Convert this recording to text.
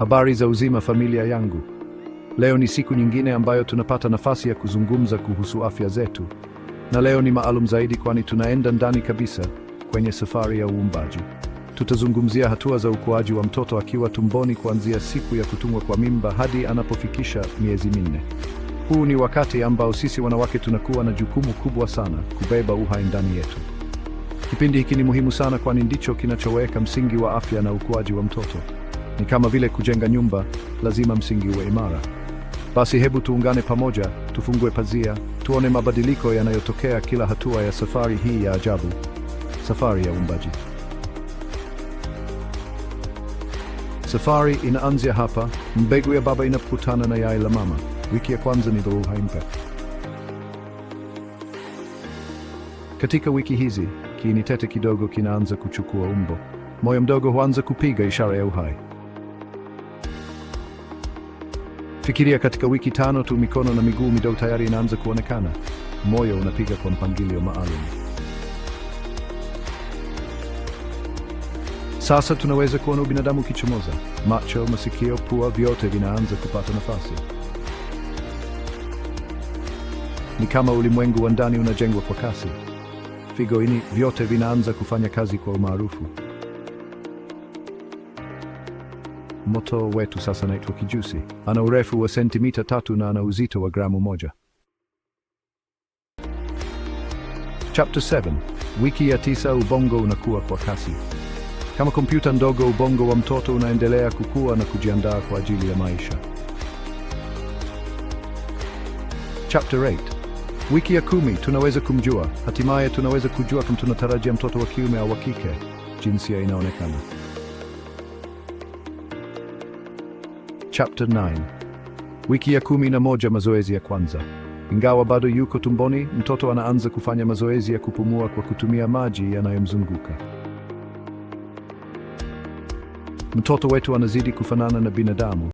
Habari za uzima, familia yangu. Leo ni siku nyingine ambayo tunapata nafasi ya kuzungumza kuhusu afya zetu, na leo ni maalum zaidi, kwani tunaenda ndani kabisa kwenye safari ya uumbaji. Tutazungumzia hatua za ukuaji wa mtoto akiwa tumboni, kuanzia siku ya kutungwa kwa mimba hadi anapofikisha miezi minne. Huu ni wakati ambao sisi wanawake tunakuwa na jukumu kubwa sana kubeba uhai ndani yetu. Kipindi hiki ni muhimu sana, kwani ndicho kinachoweka msingi wa afya na ukuaji wa mtoto. Ni kama vile kujenga nyumba, lazima msingi uwe imara. Basi hebu tuungane pamoja, tufungue pazia, tuone mabadiliko yanayotokea kila hatua ya safari hii ya ajabu, safari ya uumbaji. Safari inaanzia hapa, mbegu ya baba inapokutana na yai la mama. Wiki ya kwanza ni dhoruba mpya. Katika wiki hizi, kiini tete kidogo kinaanza kuchukua umbo. Moyo mdogo huanza kupiga ishara ya uhai. Fikiria katika wiki tano tu, mikono na miguu midogo tayari inaanza kuonekana, moyo unapiga kwa mpangilio maalum. Sasa tunaweza kuona ubinadamu ukichomoza, macho, masikio, pua, vyote vinaanza kupata nafasi. Ni kama ulimwengu wa ndani unajengwa kwa kasi. Figoini, vyote vinaanza kufanya kazi kwa umaarufu. Moto wetu sasa naitwa Kijusi. Ana urefu wa sentimita tatu na ana uzito wa gramu moja. Chapter 7. Wiki ya tisa, ubongo unakuwa kwa kasi. Kama kompyuta ndogo, ubongo wa mtoto unaendelea kukua na kujiandaa kwa ajili ya maisha. Chapter 8. Wiki ya kumi, tunaweza kumjua. Hatimaye tunaweza kujua kama tunatarajia mtoto wa kiume au wa kike. Jinsia inaonekana. Chapter 9. Wiki ya kumi na moja, mazoezi ya kwanza. Ingawa bado yuko tumboni, mtoto anaanza kufanya mazoezi ya kupumua kwa kutumia maji yanayomzunguka. Mtoto wetu anazidi kufanana na binadamu.